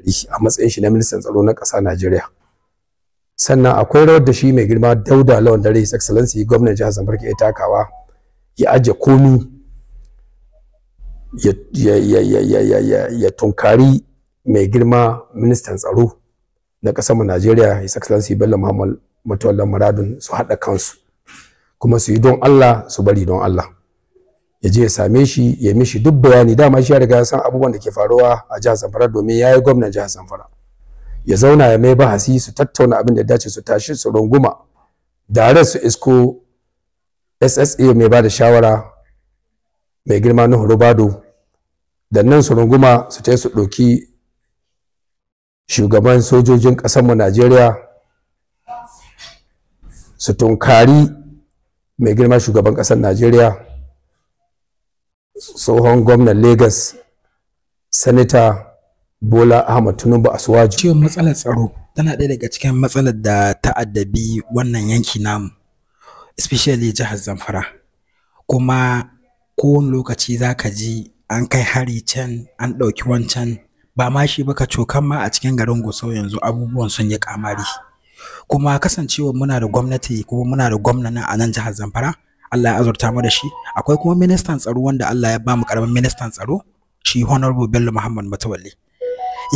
kokari a matsayin shi na ministan tsaro na ƙasa Najeriya sannan akwai rawar da shi mai girma Dauda Lawan Dare His Excellency gwamnatin jihar Zamfara ya takawa ya aje komi ya tunkari mai girma ministan tsaro na ƙasar mu Najeriya His Excellency Bello Muhammad Mutawallan Muradun su haɗa kansu kuma su yi don Allah su bari don Allah ya je ya same shi ya mishi duk bayani dama shi ya riga ya san abubuwan da ke faruwa a jihar Zamfara domin ya yi gwamnan jihar Zamfara ya zauna ya mai bahasi su tattauna abin da dace su tashi su runguma da su isko SSA mai ba da shawara mai girma na Rubado da nan su runguma su ta su ɗauki shugaban sojojin ƙasarmu Najeriya su tunkari mai girma shugaban ƙasar Najeriya tsohon gwamnan lagos Senator bola ahmad tinubu asuwaji ciwon matsalar tsaro tana ɗaya daga cikin matsalar da ta addabi wannan yanki namu especially jihar zamfara kuma kowane lokaci za ka ji an kai hari can an ɗauki wancan ba ma shi baka cokan ma a cikin garin gusau yanzu abubuwan sun yi kamari kuma kasancewa muna da gwamnati kuma muna da gwamnati a nan jihar zamfara Allah ya azurta mu da shi akwai kuma ministan tsaro wanda Allah ya ba mu karamin ministan tsaro shi honorable Bello Muhammad Matawalle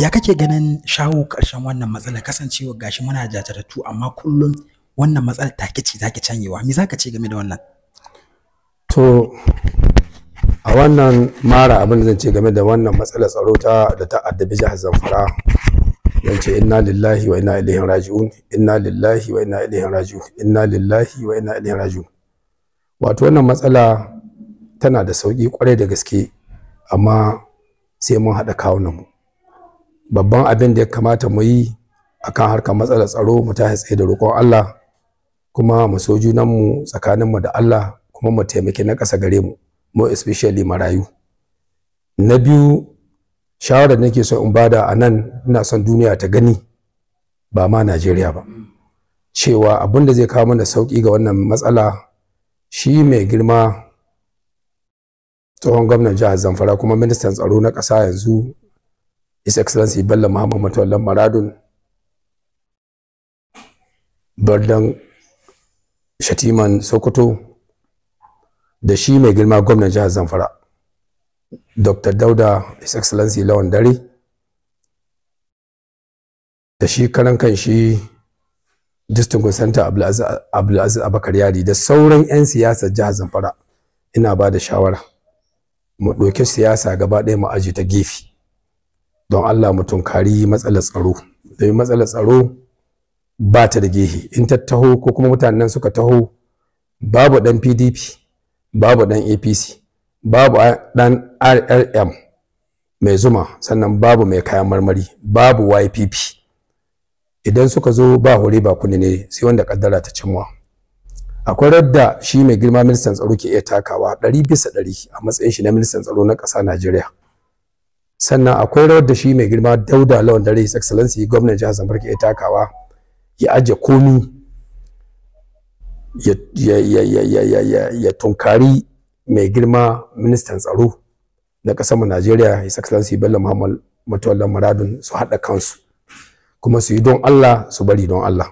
ya kake ganin shawo karshen wannan matsala kasancewa gashi muna jajatattu amma kullum wannan matsala ta ci take canyewa me zaka ce game da wannan to a wannan mara abin da zan ce game da wannan matsalar tsaro ta da ta addabi jihar Zamfara zan ce inna lillahi wa inna ilaihi raji'un inna lillahi wa inna ilaihi raji'un inna lillahi wa inna ilaihi raji'un wato wannan matsala tana da sauƙi kwarai da gaske amma sai mun haɗa mu. babban abin da ya kamata mu yi a kan harkar matsalar tsaro mu tashi tsaye da roƙon Allah kuma mu so junanmu tsakaninmu da Allah kuma mu taimaki na ƙasa gare mu mu especially marayu na biyu shawarar nake so in bada a nan ina son duniya ta gani ba ma Najeriya ba cewa abin da zai kawo mana sauƙi ga wannan matsala shi mai girma tsohon gwamnan jihar zamfara kuma ministan tsaro na ƙasa yanzu his excellency bello muhammad matawallan maradun birnin shatiman sokoto da shi mai girma gwamnan jihar zamfara dr dauda his excellency lawan dare da shi karan kan shi distinguished center abdulaziz abakar yari da sauran 'yan siyasa jihar zamfara ina ba da shawara mu ɗauki siyasa gaba ɗaya mu aji ta gefe don allah mu tunkari matsalar tsaro domin matsalar tsaro ba ta da gehe in ta taho ko kuma mutanen suka taho babu ɗan pdp babu ɗan apc babu ɗan rrm mai zuma sannan babu mai kayan marmari babu ypp idan suka zo ba hore ba kunne ne sai wanda kaddara ta cimwa. akwai radda shi mai girma ministan tsaro ke iya takawa ɗari bisa ɗari a matsayin shi na ministan tsaro na kasa Najeriya sannan akwai rawar da shi mai girma Dauda Lawan Dare His Excellency gwamnan jihar Zamfara ke iya takawa ya aje komi ya tunkari mai girma ministan tsaro na ƙasar mu Najeriya His Excellency Bello Muhammad Mutawallan Muradun su haɗa kansu kuma su yi don Allah su bari don Allah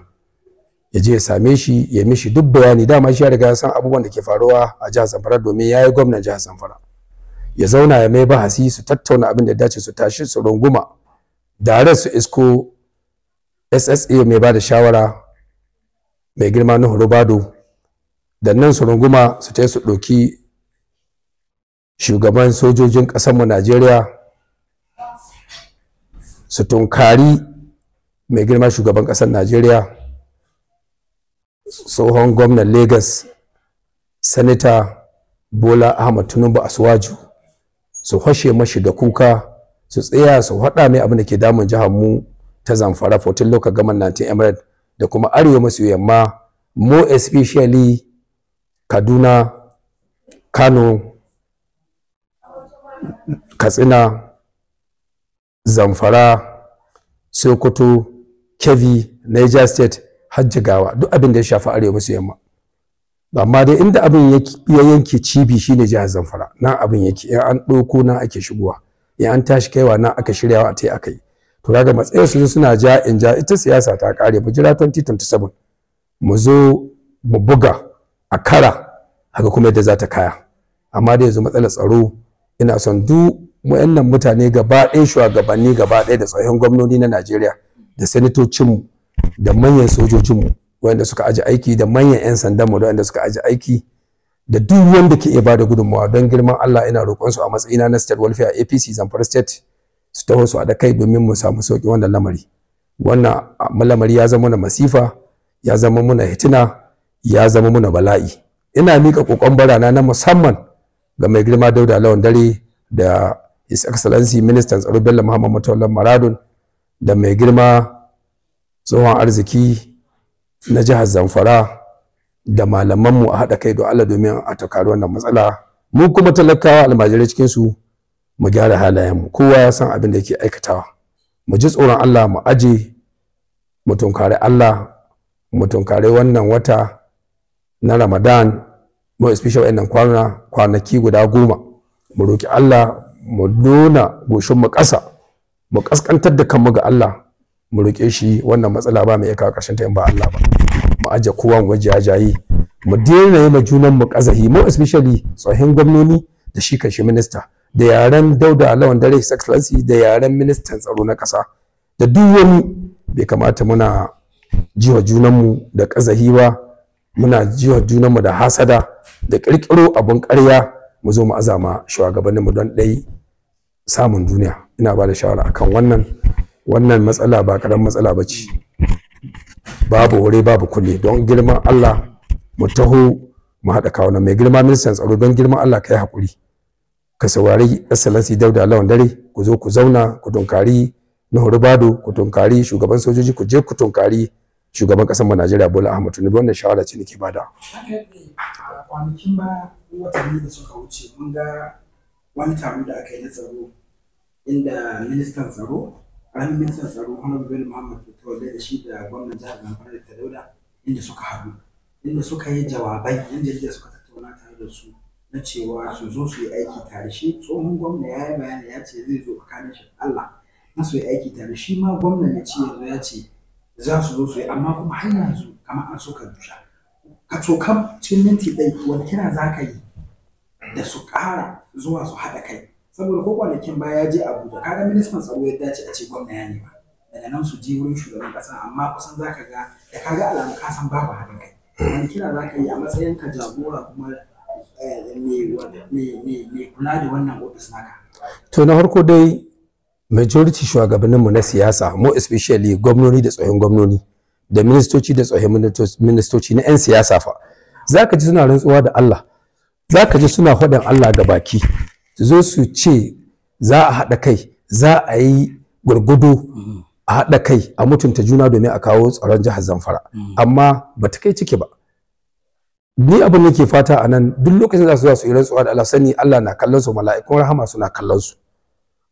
ya je ya same shi ya mishi duk bayani dama shi ya riga ya san abubuwan da ke faruwa a jihar Zamfara domin ya yi gwamnan jihar Zamfara ya zauna ya mai bahasi su tattauna abin da ya dace su tashi su runguma da su isko SSA mai ba da shawara mai girma na Horobado da nan su runguma su ta su ɗauki shugaban sojojin ƙasarmu Najeriya su tunkari mai girma shugaban ƙasar najeriya tsohon gwamnan lagos sanita bola ahmad tinubu asuwaju su hashe mashi da kuka su tsaya su haɗa mai abin da ke damun jihar mu ta zamfara 14 local government 19 emirate da kuma arewa maso yamma mo especially kaduna kano katsina zamfara sokoto kebbi niger state har jigawa duk abin da ya shafi arewa maso yamma amma dai inda abin ya yanke cibi shine jihar zamfara nan abin yake in an ɗauko na ake shigowa in an tashi kaiwa na aka shiryawa a ta aka yi to kaga matsayin su suna ja in ja ita siyasa ta kare mu jira 2027 mu zo mu buga a kara haka kuma yadda za ta kaya amma da yanzu matsalar tsaro ina son duk mu'annan mutane gaba ɗaya shugabanni gaba ɗaya da tsohon gwamnoni na Najeriya da sanatocinmu da manyan sojojinmu wanda suka aji aiki da manyan 'yan sandanmu wanda suka aji aiki da duk wanda ke iya ba da gudunmawa don girman Allah ina roƙon su a matsayina na state welfare APC Zamfara state su taho su da kai domin mu samu sauƙi wannan lamari wannan lamari ya zama na masifa ya zama muna hitina ya zama mana bala'i ina mika kokon barana na musamman ga mai girma Dauda Lawan Dare da His Excellency Minister Tsaro Bello Muhammad Matawallan Maradun da mai girma tsohon arziki na jihar zamfara da malamanmu a haɗa kai don Allah domin a takari wannan matsala mu kuma talakawa almajirai cikinsu mu gyara halayenmu kowa ya san abin da yake aikatawa mu ji tsoron Allah mu aje mu tunkari Allah mu tunkari wannan wata na Ramadan mu especially wannan kwana kwanaki guda goma mu roki Allah mu nuna goshin mu ƙasa mu kaskantar da kanmu ga Allah mu roƙe shi wannan matsala ba mai yaka ƙarshen ta in ba Allah ba mu aje kowa mu waje ajayi mu dena yi ma junan mu kazahi mu especially tsohin gwamnoni da shi shi minista da yaren dauda lawan dare his excellency da yaren ministan tsaro na ƙasa da duk wani bai kamata muna jiwa junanmu da kazahi ba muna jiwa mu da hasada da ƙirƙiro abun ƙarya mu zo mu azama shugabanninmu don ɗaya. samun duniya ina ba da shawara akan wannan wannan matsala ba karan matsala ba ce babu wuri babu kulle don girman Allah mu taho mu haɗa kawunan mai girma ministan tsaro don girman Allah ka yi haƙuri ka saurari excellency dauda lawan dare ku zo ku zauna ku tunkari na bado ku tunkari shugaban sojoji ku je ku tunkari shugaban ƙasar mu Najeriya Bola Ahmed Tinubu wannan shawara ce nake bada. Kwanakin ba watanni da suka wuce mun ga wani taro da aka yi na tsaro inda ministan tsaro ƙaramin ministan tsaro honorable muhammad fitowale da shi da gwamnan jihar zamfara da tadauda inda suka haɗu inda suka yi jawabai yan jarida suka tattauna tare da su na cewa su zo su yi aiki tare shi tsohon gwamna ya yi bayani ya ce zai zo kanin shi allah na su yi aiki tare shi ma gwamna ya ce yanzu ya ce za su zo su yi amma kuma har yanzu kamar an suka dusha ka cokam cin minti ɗaya wani kira za ka yi da su ƙara zuwa su haɗa kai saboda ko kwanakin baya ya je abuja kaga ministan tsaro ya dace a ce gwamna ya nema daga nan su je wurin shugaban ƙasa amma kusan zaka ga da kaga alamu ka san babu haɗin kai wani kira za ka yi a matsayin ka jagora kuma eh, mai kula da wannan ofis naka. to na farko dai majority shugabanninmu na siyasa mo especially gwamnoni da tsohon gwamnoni da ministoci da tsohon ministoci na 'yan siyasa fa za ka ji suna rantsuwa da allah za ka ji suna faɗin Allah ga baki zo su ce za a haɗa kai za a yi gurgudu a haɗa kai a mutunta juna domin a kawo tsaron jihar zamfara amma ba ta kai ciki ba ni abin da ke fata a nan duk lokacin za su za su yi rantsuwa da Allah sani Allah na kallon su mala'ikun rahama suna kallon su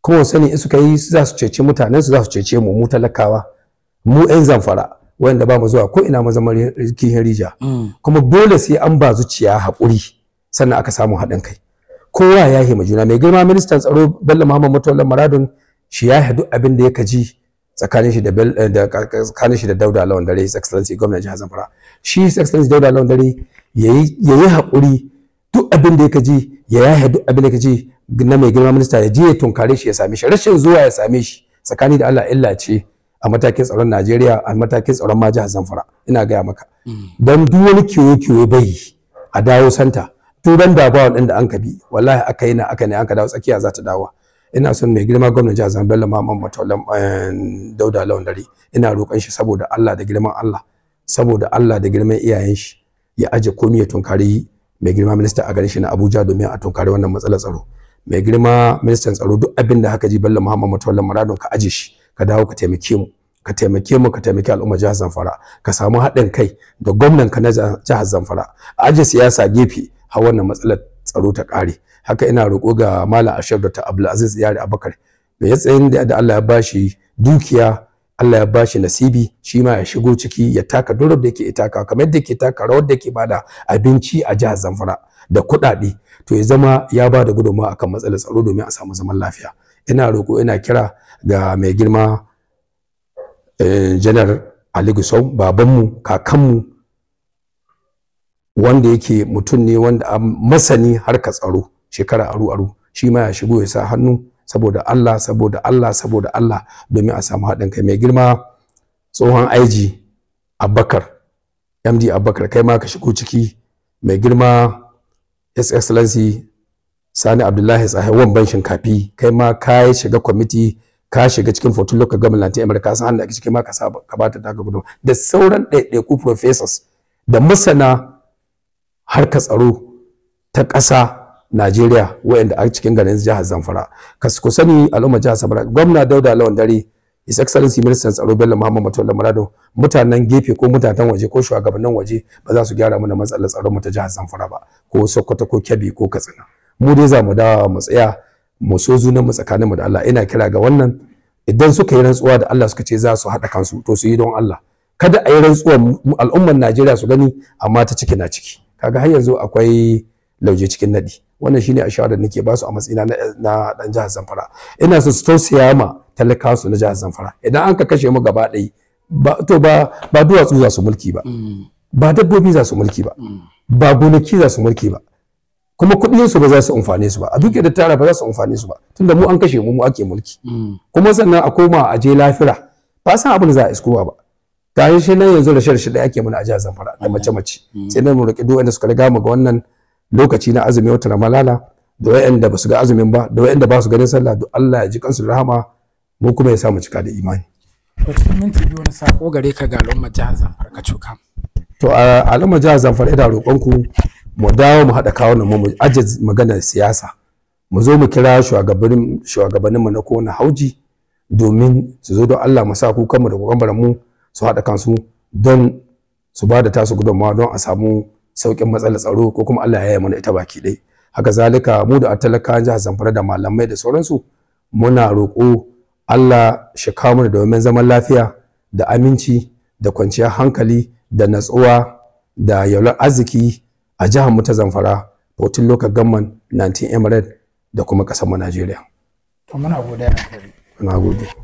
kuma sani in suka yi za su cece mutanen su za su cece mu mu talakawa mu 'yan zamfara wanda ba mu zuwa ko ina mu zama kihin rija mm. kuma dole sai an ba zuciya haƙuri sannan aka samu haɗin kai kowa ya hima juna mai girma ministan tsaro bello muhammad mutawallan maradun shi ya haɗu abin da ya kaji tsakanin shi eh, da tsakanin shi da dauda lawan dare his excellency gwamnan jihar zamfara shi his excellency dauda lawan dare ya yi haƙuri duk abin da ya kaji ya yahe duk abin da ya kaji na mai girma minista ya je ya tunkare shi ya same shi rashin zuwa ya same shi tsakani da Allah illa ce a matakin tsaron Najeriya a matakin tsaron ma jihar Zamfara ina gaya maka mm. don duk wani kiwo kiwo bai a dawo santa tuban da ba wadin da an kabi wallahi aka yi na aka ne an dawo tsakiya za ta dawo ina son mai girma gwamnati jihar bello Mamman matolan eh, Dauda Lawan Dare ina roƙon shi saboda Allah da girman Allah saboda Allah da girman iyayen shi ya aje komai ya tunkari mai girma minista a garin shi na Abuja domin a tunkari wannan matsalar tsaro mai girma ministan tsaro duk abin da haka ji Bello mamman matolan Maradon ka aje shi ka dawo ka taimake mu ka taimake mu ka taimake al'umma jihar Zamfara ka samu haɗin kai da gwamnan ka na jihar Zamfara a aje siyasa gefe har wannan matsalar tsaro ta ƙare haka ina roƙo ga malam ashar da ta abdulaziz yari abakar da ya tsayin da allah ya bashi dukiya allah ya bashi nasibi shi ma ya shigo ciki ya taka durar da yake taka kamar yadda yake taka rawar da yake bada abinci a jihar zamfara da kuɗaɗe to ya zama ya ba da gudunmawa akan matsalar tsaro domin a samu zaman lafiya ina roƙo ina kira ga mai girma janar eh, Ali Gusau babanmu kakanmu wanda yake mutum ne wanda a masani harka tsaro shekara aru aru shi ma ya shigo ya sa hannu saboda Allah saboda Allah saboda Allah domin a samu haɗin kai mai girma tsohon aiji Abubakar MD Abubakar kai ma ka shigo ciki mai girma His Excellency Sani Abdullahi Tsahawan ban shinkafi kai ma ka shiga kwamiti ka shiga cikin fotun lokacin gwamnati Amurka san hannu ake cikin ma ka bata daga gudu. da sauran ɗaiɗaiku professors da masana Har ka tsaro ta ƙasa Najeriya wayanda a cikin garin jihar Zamfara ku sani al'umma jihar Zamfara gwamna Dauda Lawan Dare His Excellency Minister Tsaro Bello Muhammad Matola Murado mutanen gefe ko mutanen waje ko shugabannin waje ba za su gyara mana matsalar tsaron mu ta jihar Zamfara ba ko Sokoto ko Kebbi ko Katsina mu dai za mu dawo mu tsaya mu so zunan mu tsakanin mu da Allah ina kira ga wannan idan suka yi rantsuwa da Allah suka ce za su haɗa kansu to su yi don Allah kada a yi rantsuwar al'ummar Najeriya su gani amma ta ciki na ciki kaga har yanzu akwai lauje cikin nadi wannan shine a shawarar da nake ba su a matsina na dan jihar Zamfara ina so su tausaya ma talakawa su na jihar Zamfara idan an ka kashe mu gaba ɗaya ba to ba ba duwatsu za su mulki ba mm. ba dabbobi za su mulki ba mm. ba gonaki za su mulki ba kuma kuɗin su ba za su amfane su ba a duk da tara ba za su amfane su ba tunda mu an kashe mu mu ake mulki mm. kuma sannan a koma a je lafira ba san abin da za a iskowa ba gashi shi nan yanzu da rashin da ake mana a jihar Zamfara da mace mace mm. sai nan mu roƙi duk wanda suka riga mu ga wannan lokaci na azumi wata ramalala da wayanda ba su ga azumin ba da wayanda ba su ganin sallah duk Allah ya ji kansu rahama mu kuma ya sa mu cika da imani to cikin minti biyu na sako gare ka ga al'umma jihar Zamfara ka cuka to a al'umma jihar Zamfara ina roƙon ku mu dawo mu haɗa kawunan mu ajiye maganar siyasa mu zo mu kira shugabanninmu na kowane hauji domin su zo don Allah mu sa kukanmu da kokambaran mu su haɗa kansu don su ba da tasu gudunmawa don a samu sauƙin matsalar tsaro ko kuma Allah ya yi mana ita baki ɗaya haka zalika mu da talakawan jihar Zamfara da malamai da sauransu muna roƙo Allah shi kawo mana domin zaman lafiya da aminci da kwanciyar hankali da natsuwa da yaular arziki a jihar mu ta Zamfara Fortin Local Government 19 Emirate da kuma ƙasar mu Najeriya. To muna godiya. Muna